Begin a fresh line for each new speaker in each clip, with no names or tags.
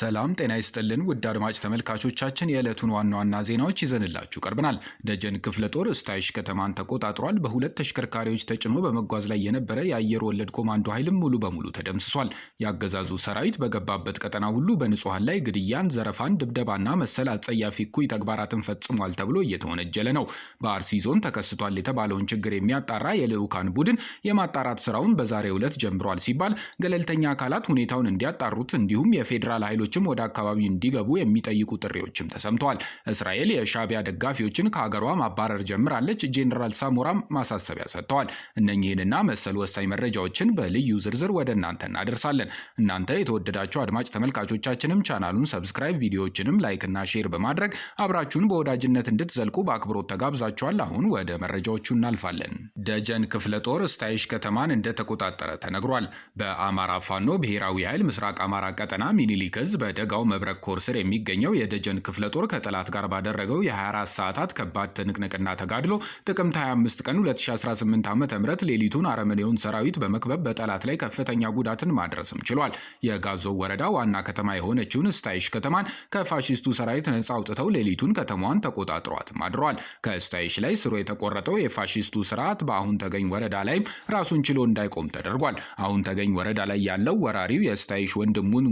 ሰላም ጤና ይስጥልን ውድ አድማጭ ተመልካቾቻችን የዕለቱን ዋና ዋና ዜናዎች ይዘንላችሁ ቀርበናል። ደጀን ክፍለ ጦር እስታይሽ ከተማን ተቆጣጥሯል። በሁለት ተሽከርካሪዎች ተጭኖ በመጓዝ ላይ የነበረ የአየር ወለድ ኮማንዶ ኃይልም ሙሉ በሙሉ ተደምስሷል። የአገዛዙ ሰራዊት በገባበት ቀጠና ሁሉ በንጹሐን ላይ ግድያን፣ ዘረፋን፣ ድብደባና መሰል አጸያፊ እኩይ ተግባራትን ፈጽሟል ተብሎ እየተወነጀለ ነው። በአርሲ ዞን ተከስቷል የተባለውን ችግር የሚያጣራ የልዑካን ቡድን የማጣራት ስራውን በዛሬው ዕለት ጀምሯል ሲባል ገለልተኛ አካላት ሁኔታውን እንዲያጣሩት እንዲሁም የፌዴራል ኃይሎ ኃይሎችም ወደ አካባቢው እንዲገቡ የሚጠይቁ ጥሪዎችም ተሰምተዋል። እስራኤል የሻቢያ ደጋፊዎችን ከሀገሯ ማባረር ጀምራለች። ጄኔራል ሳሞራም ማሳሰቢያ ሰጥተዋል። እነኚህንና መሰል ወሳኝ መረጃዎችን በልዩ ዝርዝር ወደ እናንተ እናደርሳለን። እናንተ የተወደዳቸው አድማጭ ተመልካቾቻችንም ቻናሉን ሰብስክራይብ፣ ቪዲዮዎችንም ላይክና ሼር በማድረግ አብራችሁን በወዳጅነት እንድትዘልቁ በአክብሮት ተጋብዛችኋል። አሁን ወደ መረጃዎቹ እናልፋለን። ደጀን ክፍለ ጦር ስታይሽ ከተማን እንደተቆጣጠረ ተነግሯል። በአማራ ፋኖ ብሔራዊ ኃይል ምስራቅ አማራ ቀጠና ሚኒሊክ እዝ በደጋው መብረቅ ኮር ስር የሚገኘው የደጀን ክፍለ ጦር ከጠላት ጋር ባደረገው የ24 ሰዓታት ከባድ ትንቅንቅና ተጋድሎ ጥቅምት 25 ቀን 2018 ዓ ም ሌሊቱን አረመኔውን ሰራዊት በመክበብ በጠላት ላይ ከፍተኛ ጉዳትን ማድረስም ችሏል። የጋዞ ወረዳ ዋና ከተማ የሆነችውን ስታይሽ ከተማን ከፋሺስቱ ሰራዊት ነጻ አውጥተው ሌሊቱን ከተማዋን ተቆጣጥሯት አድረዋል። ከስታይሽ ላይ ስሩ የተቆረጠው የፋሺስቱ ስርዓት በአሁን ተገኝ ወረዳ ላይም ራሱን ችሎ እንዳይቆም ተደርጓል። አሁን ተገኝ ወረዳ ላይ ያለው ወራሪው የስታይሽ ወንድሙን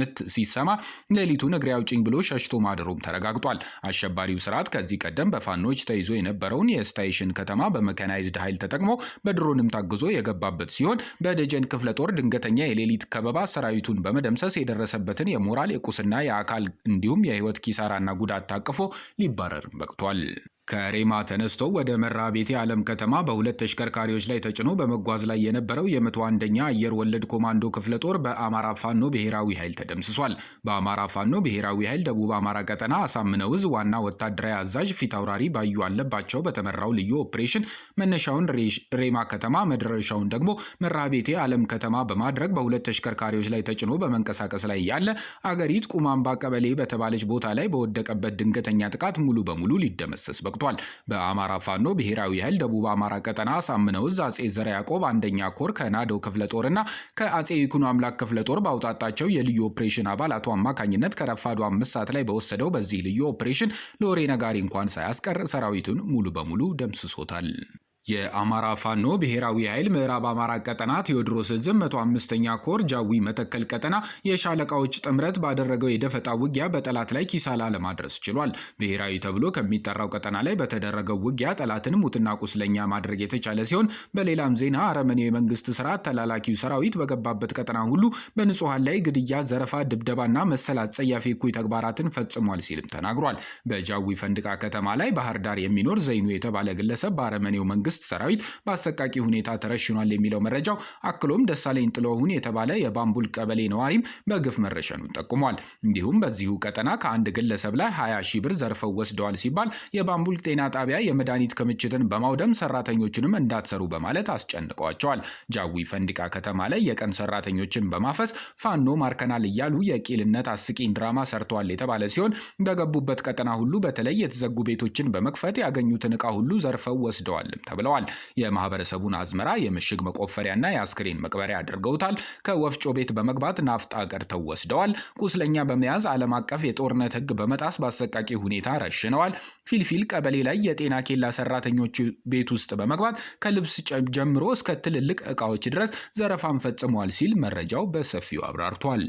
ምት ሲ ሲሰማ ሌሊቱን እግሬ አውጭኝ ብሎ ሸሽቶ ማደሩም ተረጋግጧል። አሸባሪው ስርዓት ከዚህ ቀደም በፋኖች ተይዞ የነበረውን የስታይሽን ከተማ በመካናይዝድ ኃይል ተጠቅሞ በድሮንም ታግዞ የገባበት ሲሆን በደጀን ክፍለ ጦር ድንገተኛ የሌሊት ከበባ ሰራዊቱን በመደምሰስ የደረሰበትን የሞራል የቁስና የአካል እንዲሁም የህይወት ኪሳራና ጉዳት ታቅፎ ሊባረር በቅቷል። ከሬማ ተነስቶ ወደ መርሐቤቴ ዓለም ከተማ በሁለት ተሽከርካሪዎች ላይ ተጭኖ በመጓዝ ላይ የነበረው የመቶ አንደኛ አየር ወለድ ኮማንዶ ክፍለ ጦር በአማራ ፋኖ ብሔራዊ ኃይል ተደምስሷል። በአማራ ፋኖ ብሔራዊ ኃይል ደቡብ አማራ ቀጠና አሳምነው ዋና ወታደራዊ አዛዥ ፊት አውራሪ ባዩ አለባቸው በተመራው ልዩ ኦፕሬሽን መነሻውን ሬማ ከተማ መድረሻውን ደግሞ ቤቴ ዓለም ከተማ በማድረግ በሁለት ተሽከርካሪዎች ላይ ተጭኖ በመንቀሳቀስ ላይ ያለ አገሪት ቁማምባ ቀበሌ በተባለች ቦታ ላይ በወደቀበት ድንገተኛ ጥቃት ሙሉ በሙሉ ሊደመሰስ ወቅቷል። በአማራ ፋኖ ብሔራዊ ኃይል ደቡብ አማራ ቀጠና ሳምነው እዝ አጼ ዘረ ያዕቆብ አንደኛ ኮር ከናደው ክፍለ ጦርና ከአጼ ይኩኖ አምላክ ክፍለ ጦር ባውጣጣቸው የልዩ ኦፕሬሽን አባላቱ አማካኝነት ከረፋዱ አምስት ሰዓት ላይ በወሰደው በዚህ ልዩ ኦፕሬሽን ሎሬ ነጋሪ እንኳን ሳያስቀር ሰራዊቱን ሙሉ በሙሉ ደምስሶታል። የአማራ ፋኖ ብሔራዊ ኃይል ምዕራብ አማራ ቀጠና ቴዎድሮስ ዝም መቶ አምስተኛ ኮር ጃዊ መተከል ቀጠና የሻለቃዎች ጥምረት ባደረገው የደፈጣ ውጊያ በጠላት ላይ ኪሳላ ለማድረስ ችሏል። ብሔራዊ ተብሎ ከሚጠራው ቀጠና ላይ በተደረገው ውጊያ ጠላትን ሙትና ቁስለኛ ማድረግ የተቻለ ሲሆን፣ በሌላም ዜና አረመኔው የመንግስት ስርዓት ተላላኪው ሰራዊት በገባበት ቀጠና ሁሉ በንጹሐን ላይ ግድያ፣ ዘረፋ፣ ድብደባና መሰል አጸያፊ እኩይ ተግባራትን ፈጽሟል ሲልም ተናግሯል። በጃዊ ፈንድቃ ከተማ ላይ ባህር ዳር የሚኖር ዘይኑ የተባለ ግለሰብ በአረመኔው መንግስት የመንግስት ሰራዊት በአሰቃቂ ሁኔታ ተረሽኗል የሚለው መረጃው አክሎም ደሳለኝ ጥሎሁን የተባለ የባምቡል ቀበሌ ነዋሪም በግፍ መረሸኑን ጠቁሟል። እንዲሁም በዚሁ ቀጠና ከአንድ ግለሰብ ላይ 20 ሺህ ብር ዘርፈው ወስደዋል ሲባል የባምቡል ጤና ጣቢያ የመድኃኒት ክምችትን በማውደም ሰራተኞችንም እንዳትሰሩ በማለት አስጨንቀዋቸዋል። ጃዊ ፈንዲቃ ከተማ ላይ የቀን ሰራተኞችን በማፈስ ፋኖ ማርከናል እያሉ የቂልነት አስቂኝ ድራማ ሰርተዋል የተባለ ሲሆን በገቡበት ቀጠና ሁሉ በተለይ የተዘጉ ቤቶችን በመክፈት ያገኙትን ዕቃ ሁሉ ዘርፈው ወስደዋልም ተብሏል። ተከልክለዋል። የማህበረሰቡን አዝመራ የምሽግ መቆፈሪያና የአስክሬን መቅበሪያ አድርገውታል። ከወፍጮ ቤት በመግባት ናፍጣ ቀድተው ወስደዋል። ቁስለኛ በመያዝ ዓለም አቀፍ የጦርነት ህግ በመጣስ በአሰቃቂ ሁኔታ ረሽነዋል። ፊልፊል ቀበሌ ላይ የጤና ኬላ ሰራተኞች ቤት ውስጥ በመግባት ከልብስ ጀምሮ እስከ ትልልቅ ዕቃዎች ድረስ ዘረፋን ፈጽመዋል ሲል መረጃው በሰፊው አብራርቷል።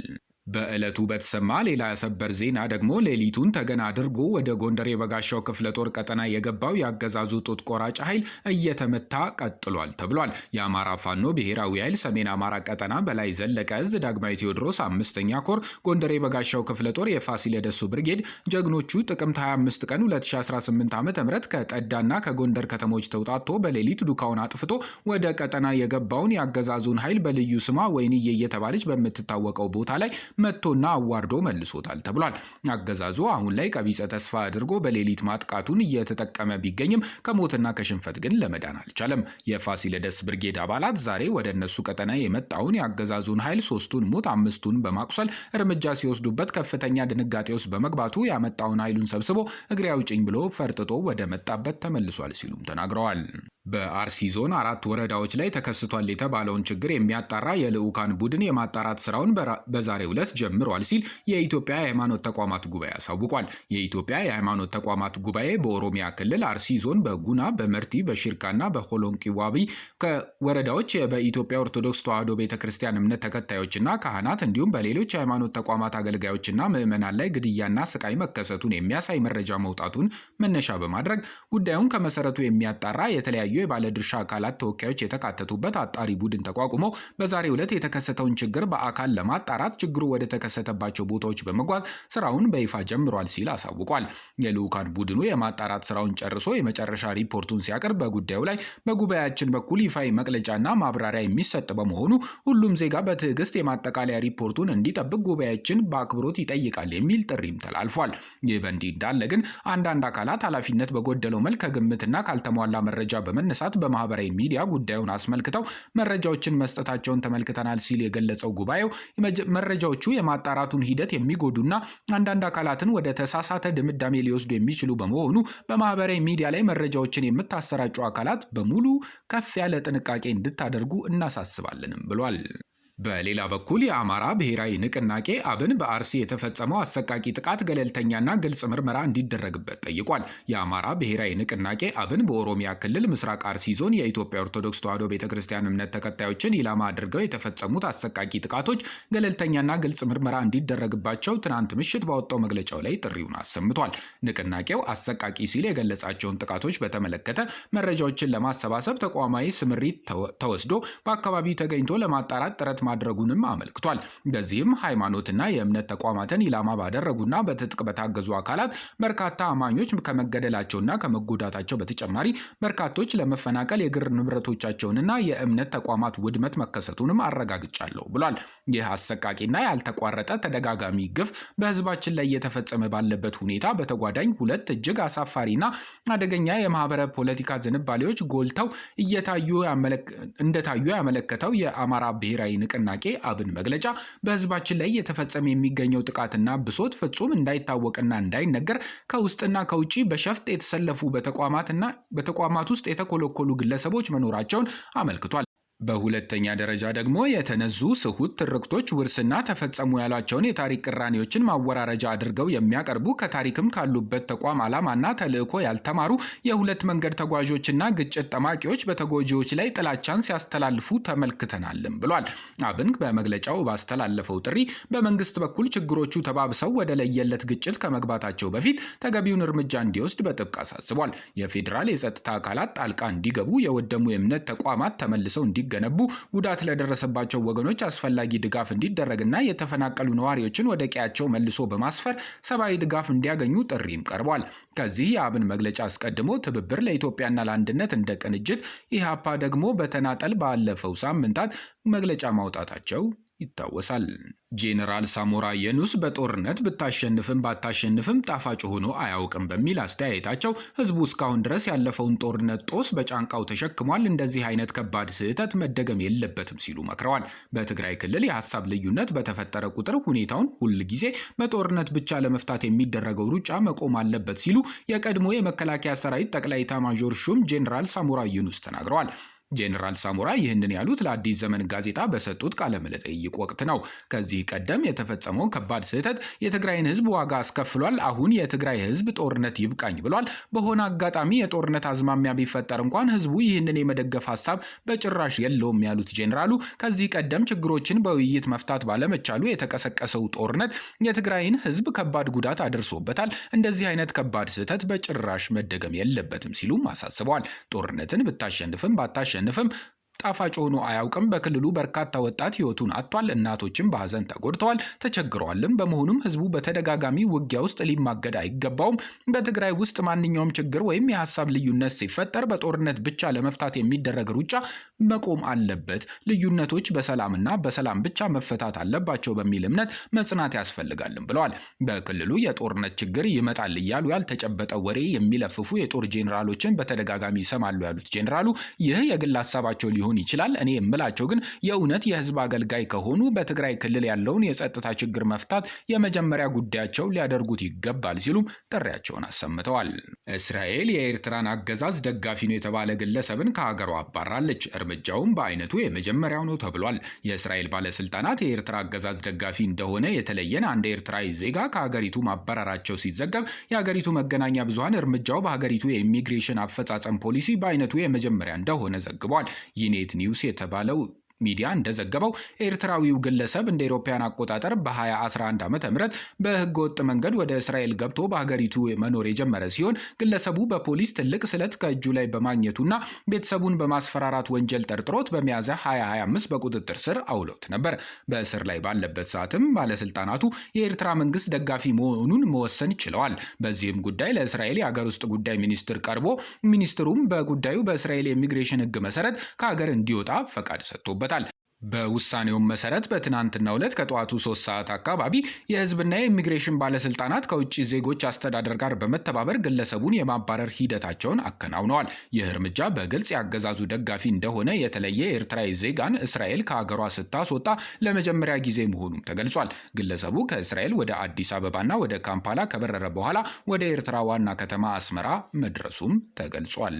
በዕለቱ በተሰማ ሌላ ሰበር ዜና ደግሞ ሌሊቱን ተገና አድርጎ ወደ ጎንደር የበጋሻው ክፍለ ጦር ቀጠና የገባው የአገዛዙ ጡት ቆራጭ ኃይል እየተመታ ቀጥሏል ተብሏል። የአማራ ፋኖ ብሔራዊ ኃይል ሰሜን አማራ ቀጠና በላይ ዘለቀ እዝ ዳግማዊ ቴዎድሮስ አምስተኛ ኮር ጎንደር የበጋሻው ክፍለ ጦር የፋሲለደሱ ብርጌድ ጀግኖቹ ጥቅምት 25 ቀን 2018 ዓ ም ከጠዳና ከጎንደር ከተሞች ተውጣቶ በሌሊት ዱካውን አጥፍቶ ወደ ቀጠና የገባውን የአገዛዙን ኃይል በልዩ ስሟ ወይንዬ እየተባለች በምትታወቀው ቦታ ላይ መጥቶና አዋርዶ መልሶታል ተብሏል። አገዛዙ አሁን ላይ ቀቢጸ ተስፋ አድርጎ በሌሊት ማጥቃቱን እየተጠቀመ ቢገኝም ከሞትና ከሽንፈት ግን ለመዳን አልቻለም። የፋሲለደስ ብርጌድ አባላት ዛሬ ወደ እነሱ ቀጠና የመጣውን የአገዛዙን ኃይል ሶስቱን ሙት አምስቱን በማቁሰል እርምጃ ሲወስዱበት ከፍተኛ ድንጋጤ ውስጥ በመግባቱ ያመጣውን ኃይሉን ሰብስቦ እግሬ አውጭኝ ብሎ ፈርጥጦ ወደ መጣበት ተመልሷል ሲሉም ተናግረዋል። በአርሲ ዞን አራት ወረዳዎች ላይ ተከስቷል የተባለውን ችግር የሚያጣራ የልዑካን ቡድን የማጣራት ስራውን በዛሬው ዕለት ጀምሯል ሲል የኢትዮጵያ የሃይማኖት ተቋማት ጉባኤ አሳውቋል። የኢትዮጵያ የሃይማኖት ተቋማት ጉባኤ በኦሮሚያ ክልል አርሲ ዞን በጉና፣ በመርቲ፣ በሽርካና በሆሎንቂ ዋቢ ከወረዳዎች በኢትዮጵያ ኦርቶዶክስ ተዋሕዶ ቤተክርስቲያን እምነት ተከታዮችና ካህናት እንዲሁም በሌሎች የሃይማኖት ተቋማት አገልጋዮችና ምዕመናን ላይ ግድያና ስቃይ መከሰቱን የሚያሳይ መረጃ መውጣቱን መነሻ በማድረግ ጉዳዩን ከመሰረቱ የሚያጣራ የተለያዩ የባለድርሻ አካላት ተወካዮች የተካተቱበት አጣሪ ቡድን ተቋቁሞ በዛሬው ዕለት የተከሰተውን ችግር በአካል ለማጣራት ችግሩ ወደ ተከሰተባቸው ቦታዎች በመጓዝ ስራውን በይፋ ጀምሯል ሲል አሳውቋል። የልዑካን ቡድኑ የማጣራት ስራውን ጨርሶ የመጨረሻ ሪፖርቱን ሲያቀርብ በጉዳዩ ላይ በጉባኤያችን በኩል ይፋዊ መግለጫና ማብራሪያ የሚሰጥ በመሆኑ ሁሉም ዜጋ በትዕግስት የማጠቃለያ ሪፖርቱን እንዲጠብቅ ጉባኤያችን በአክብሮት ይጠይቃል የሚል ጥሪም ተላልፏል። ይህ በእንዲህ እንዳለ ግን አንዳንድ አካላት ኃላፊነት በጎደለው መልክ ከግምትና ካልተሟላ መረጃ በመ ለመነሳት በማህበራዊ ሚዲያ ጉዳዩን አስመልክተው መረጃዎችን መስጠታቸውን ተመልክተናል ሲል የገለጸው ጉባኤው መረጃዎቹ የማጣራቱን ሂደት የሚጎዱና አንዳንድ አካላትን ወደ ተሳሳተ ድምዳሜ ሊወስዱ የሚችሉ በመሆኑ በማህበራዊ ሚዲያ ላይ መረጃዎችን የምታሰራጩ አካላት በሙሉ ከፍ ያለ ጥንቃቄ እንድታደርጉ እናሳስባለንም ብሏል። በሌላ በኩል የአማራ ብሔራዊ ንቅናቄ አብን በአርሲ የተፈጸመው አሰቃቂ ጥቃት ገለልተኛና ግልጽ ምርመራ እንዲደረግበት ጠይቋል። የአማራ ብሔራዊ ንቅናቄ አብን በኦሮሚያ ክልል ምስራቅ አርሲ ዞን የኢትዮጵያ ኦርቶዶክስ ተዋሕዶ ቤተ ክርስቲያን እምነት ተከታዮችን ኢላማ አድርገው የተፈጸሙት አሰቃቂ ጥቃቶች ገለልተኛና ግልጽ ምርመራ እንዲደረግባቸው ትናንት ምሽት ባወጣው መግለጫው ላይ ጥሪውን አሰምቷል። ንቅናቄው አሰቃቂ ሲል የገለጻቸውን ጥቃቶች በተመለከተ መረጃዎችን ለማሰባሰብ ተቋማዊ ስምሪት ተወስዶ በአካባቢው ተገኝቶ ለማጣራት ጥረት ማድረጉንም አመልክቷል። በዚህም ሃይማኖትና የእምነት ተቋማትን ኢላማ ባደረጉና በትጥቅ በታገዙ አካላት በርካታ አማኞች ከመገደላቸውና ከመጎዳታቸው በተጨማሪ በርካቶች ለመፈናቀል የግር ንብረቶቻቸውንና የእምነት ተቋማት ውድመት መከሰቱንም አረጋግጫለሁ ብሏል። ይህ አሰቃቂና ያልተቋረጠ ተደጋጋሚ ግፍ በህዝባችን ላይ እየተፈጸመ ባለበት ሁኔታ በተጓዳኝ ሁለት እጅግ አሳፋሪና አደገኛ የማህበረ ፖለቲካ ዝንባሌዎች ጎልተው እንደታዩ ያመለከተው የአማራ ብሔራዊ ንቅ ንቅናቄ አብን መግለጫ በህዝባችን ላይ እየተፈጸመ የሚገኘው ጥቃትና ብሶት ፍጹም እንዳይታወቅና እንዳይነገር ከውስጥና ከውጭ በሸፍጥ የተሰለፉ በተቋማት በተቋማት ውስጥ የተኮለኮሉ ግለሰቦች መኖራቸውን አመልክቷል። በሁለተኛ ደረጃ ደግሞ የተነዙ ስሁት ትርክቶች ውርስና ተፈጸሙ ያሏቸውን የታሪክ ቅራኔዎችን ማወራረጃ አድርገው የሚያቀርቡ ከታሪክም ካሉበት ተቋም ዓላማና ተልዕኮ ያልተማሩ የሁለት መንገድ ተጓዦችና ግጭት ጠማቂዎች በተጎጂዎች ላይ ጥላቻን ሲያስተላልፉ ተመልክተናልም ብሏል። አብን በመግለጫው ባስተላለፈው ጥሪ በመንግስት በኩል ችግሮቹ ተባብሰው ወደ ለየለት ግጭት ከመግባታቸው በፊት ተገቢውን እርምጃ እንዲወስድ በጥብቅ አሳስቧል። የፌዴራል የጸጥታ አካላት ጣልቃ እንዲገቡ፣ የወደሙ የእምነት ተቋማት ተመልሰው እንዲ እንዲገነቡ ጉዳት ለደረሰባቸው ወገኖች አስፈላጊ ድጋፍ እንዲደረግና የተፈናቀሉ ነዋሪዎችን ወደ ቀያቸው መልሶ በማስፈር ሰብአዊ ድጋፍ እንዲያገኙ ጥሪም ቀርቧል። ከዚህ የአብን መግለጫ አስቀድሞ ትብብር ለኢትዮጵያና ለአንድነት እንደ ቅንጅት፣ ኢህአፓ ደግሞ በተናጠል ባለፈው ሳምንታት መግለጫ ማውጣታቸው ይታወሳል። ጄኔራል ሳሞራ የኑስ በጦርነት ብታሸንፍም ባታሸንፍም ጣፋጭ ሆኖ አያውቅም በሚል አስተያየታቸው ህዝቡ እስካሁን ድረስ ያለፈውን ጦርነት ጦስ በጫንቃው ተሸክሟል፣ እንደዚህ አይነት ከባድ ስህተት መደገም የለበትም ሲሉ መክረዋል። በትግራይ ክልል የሀሳብ ልዩነት በተፈጠረ ቁጥር ሁኔታውን ሁል ጊዜ በጦርነት ብቻ ለመፍታት የሚደረገው ሩጫ መቆም አለበት ሲሉ የቀድሞ የመከላከያ ሰራዊት ጠቅላይ ኤታማዦር ሹም ጄኔራል ሳሞራ ዩኑስ ተናግረዋል። ጄኔራል ሳሞራ ይህንን ያሉት ለአዲስ ዘመን ጋዜጣ በሰጡት ቃለ መጠይቅ ወቅት ነው። ከዚህ ቀደም የተፈጸመው ከባድ ስህተት የትግራይን ህዝብ ዋጋ አስከፍሏል። አሁን የትግራይ ህዝብ ጦርነት ይብቃኝ ብሏል። በሆነ አጋጣሚ የጦርነት አዝማሚያ ቢፈጠር እንኳን ህዝቡ ይህንን የመደገፍ ሀሳብ በጭራሽ የለውም ያሉት ጄኔራሉ ከዚህ ቀደም ችግሮችን በውይይት መፍታት ባለመቻሉ የተቀሰቀሰው ጦርነት የትግራይን ህዝብ ከባድ ጉዳት አድርሶበታል። እንደዚህ አይነት ከባድ ስህተት በጭራሽ መደገም የለበትም ሲሉም አሳስበዋል። ጦርነትን ብታሸንፍም ባታሸ አላሸንፍም ጣፋጭ ሆኖ አያውቅም። በክልሉ በርካታ ወጣት ህይወቱን አጥቷል። እናቶችም በሀዘን ተጎድተዋል፣ ተቸግረዋልም። በመሆኑም ህዝቡ በተደጋጋሚ ውጊያ ውስጥ ሊማገድ አይገባውም። በትግራይ ውስጥ ማንኛውም ችግር ወይም የሀሳብ ልዩነት ሲፈጠር በጦርነት ብቻ ለመፍታት የሚደረግ ሩጫ መቆም አለበት። ልዩነቶች በሰላምና በሰላም ብቻ መፈታት አለባቸው በሚል እምነት መጽናት ያስፈልጋልም ብለዋል። በክልሉ የጦርነት ችግር ይመጣል እያሉ ያልተጨበጠ ወሬ የሚለፍፉ የጦር ጄኔራሎችን በተደጋጋሚ ይሰማሉ ያሉት ጄኔራሉ ይህ የግል ሀሳባቸው ሊሆን ሊሆን ይችላል። እኔ የምላቸው ግን የእውነት የህዝብ አገልጋይ ከሆኑ በትግራይ ክልል ያለውን የጸጥታ ችግር መፍታት የመጀመሪያ ጉዳያቸው ሊያደርጉት ይገባል ሲሉም ጥሪያቸውን አሰምተዋል። እስራኤል የኤርትራን አገዛዝ ደጋፊ ነው የተባለ ግለሰብን ከሀገሯ አባራለች። እርምጃውም በአይነቱ የመጀመሪያው ነው ተብሏል። የእስራኤል ባለስልጣናት የኤርትራ አገዛዝ ደጋፊ እንደሆነ የተለየን አንድ ኤርትራዊ ዜጋ ከሀገሪቱ ማባረራቸው ሲዘገብ የሀገሪቱ መገናኛ ብዙሀን እርምጃው በሀገሪቱ የኢሚግሬሽን አፈጻጸም ፖሊሲ በአይነቱ የመጀመሪያ እንደሆነ ዘግቧል። ይህን ኔት ኒውስ የተባለው ሚዲያ እንደዘገበው ኤርትራዊው ግለሰብ እንደ አውሮፓውያን አቆጣጠር በ2011 ዓ ም በህገወጥ መንገድ ወደ እስራኤል ገብቶ በሀገሪቱ መኖር የጀመረ ሲሆን ግለሰቡ በፖሊስ ትልቅ ስለት ከእጁ ላይ በማግኘቱና ቤተሰቡን በማስፈራራት ወንጀል ጠርጥሮት በሚያዝያ 2025 በቁጥጥር ስር አውሎት ነበር። በእስር ላይ ባለበት ሰዓትም ባለስልጣናቱ የኤርትራ መንግስት ደጋፊ መሆኑን መወሰን ችለዋል። በዚህም ጉዳይ ለእስራኤል የአገር ውስጥ ጉዳይ ሚኒስትር ቀርቦ ሚኒስትሩም በጉዳዩ በእስራኤል የኢሚግሬሽን ህግ መሰረት ከሀገር እንዲወጣ ፈቃድ ሰጥቶበት ይገኙበታል። በውሳኔውም መሰረት በትናንትናው ዕለት ከጠዋቱ ሶስት ሰዓት አካባቢ የህዝብና የኢሚግሬሽን ባለስልጣናት ከውጭ ዜጎች አስተዳደር ጋር በመተባበር ግለሰቡን የማባረር ሂደታቸውን አከናውነዋል። ይህ እርምጃ በግልጽ ያገዛዙ ደጋፊ እንደሆነ የተለየ ኤርትራዊ ዜጋን እስራኤል ከሀገሯ ስታስወጣ ለመጀመሪያ ጊዜ መሆኑም ተገልጿል። ግለሰቡ ከእስራኤል ወደ አዲስ አበባና ወደ ካምፓላ ከበረረ በኋላ ወደ ኤርትራ ዋና ከተማ አስመራ መድረሱም ተገልጿል።